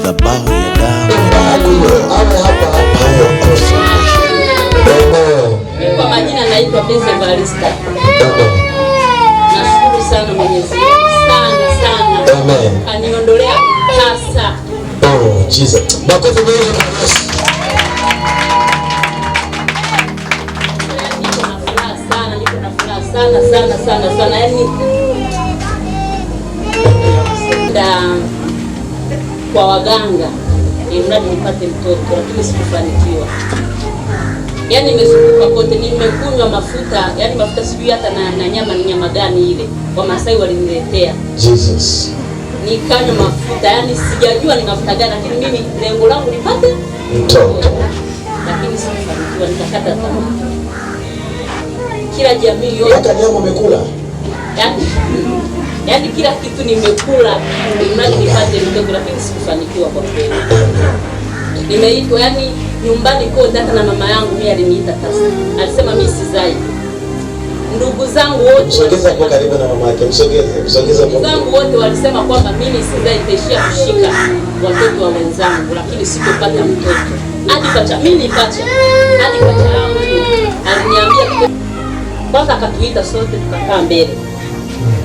madhabahu ya damu kwa majina naitwa Beze Barista. Nashukuru sana Mwenyezi Mungu sana sana, kaniondolea mkasa. Oh, niko na furaha sana, niko na furaha sana sana sana sana, yani kwa waganga ni mradi nipate mtoto, lakini sikufanikiwa. Yaani nimezunguka kote, nimekunywa mafuta, yaani mafuta sijui hata na, na nyama ni nyama gani ile Wamasai waliniletea Jesus, nikanywa mafuta, yaani sijajua ni mafuta gani, lakini mimi lengo langu nipate mtoto, lakini sikufanikiwa, nikakata tamaa. Kila jamii yote hata nyama umekula yaani yaani kila kitu nimekula mradi nipate mtoto, lakini sikufanikiwa kwa kweli. Nimeitwa yani nyumbani kwa hata na mama yangu mimi aliniita tasa, alisema mimi sizai. Ndugu zangu wote kwa karibu na mama yake, msogeze, msogeze. ndugu zangu wote walisema kwamba mimi sizai, nitaishia kushika watoto wa wenzangu, lakini sikupata mtoto hadi pacha mimi nipacha hadi pacha yangu aliniambia kwanza, akatuita sote tukakaa mbele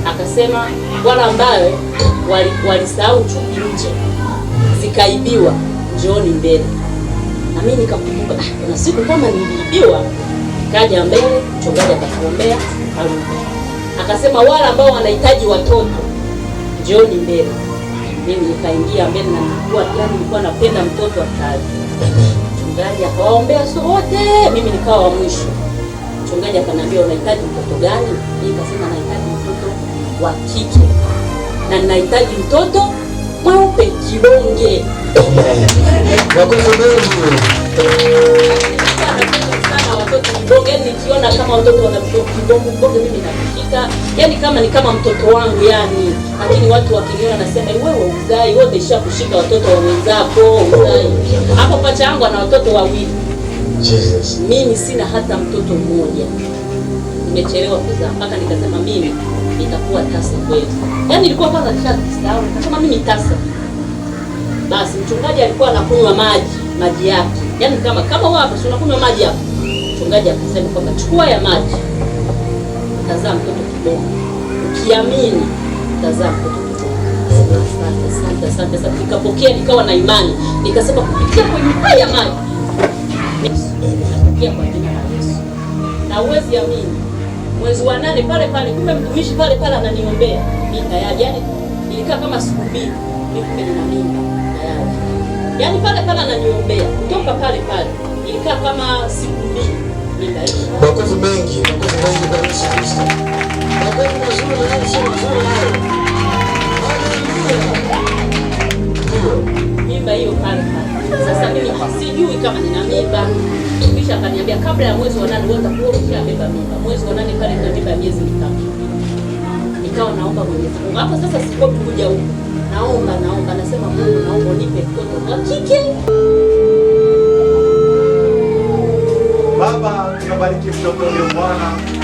Akasema wale ambayo walisahau wali chupi nje zikaibiwa, njooni mbele. Na mimi nikakumbuka, ah, siku kama niliibiwa. Kaja mbele, mchungaji akakuombea, arudi. Akasema wale ambao wanahitaji watoto njooni mbele. Mimi nikaingia mbele na nilikuwa yani, nilikuwa napenda mtoto wa kazi. Mchungaji akawaombea sote, mimi nikawa wa mwisho. Mchungaji akaniambia unahitaji mtoto gani? Nikasema nahitaji mtoto wa kike na ninahitaji mtoto mweupe kibonge. Watoto kibonge nikiona kama watoto wana kibonge bonge, mimi nafikika, yani kama ni kama mtoto wangu yani. Lakini watu wakiniona nasema wewe uzai, wewe umeshakushika watoto wa wenzako uzai. Hapo pacha yangu ana watoto wawili Jesus. Mimi sina hata mtoto mmoja, nimechelewa kuzaa mpaka nikasema mimi nitakuwa tasa kwetu. Yaani nilikuwa kwanza nishastaafu, nikasema mimi tasa. Basi mchungaji alikuwa anakunywa maji, maji yake. Yaani kama kama wapo si unakunywa maji hapo. Mchungaji akasema kwamba chukua ya maji. Utazaa mtoto kidogo. Ukiamini utazaa mtoto Asante, asante, asante, asante. Nikapokea nikawa na imani, nikasema kupitia kwenye haya maji kuja kwa jina la Yesu. Na uwezi amini, mwezi wa nane pale pale, kumbe mtumishi pale pale ananiombea mimi tayari, yani nilikaa kama siku mbili kumbe nina mimba tayari, yani pale pale ananiombea kutoka pale pale, nilikaa kama siku mbili mimba hiyo. Makofi mengi, makofi mengi kwa Yesu Kristo, makofi mazuri na Yesu mazuri hayo. Haleluya, mimba hiyo pale pale. Sasa mimi sijui kama nina mimba akanifundisha akaniambia, kabla ya mwezi wa nane wewe utakuwa umeshabeba mimba. Mwezi wa nane pale ndio mimba miezi mitatu. Nikawa naomba Mwenyezi Mungu. Hapo sasa sikopi kuja huko. Naomba naomba nasema Mungu, naomba nipe mtoto wa kike. Baba, tunabariki mtoto wa Bwana.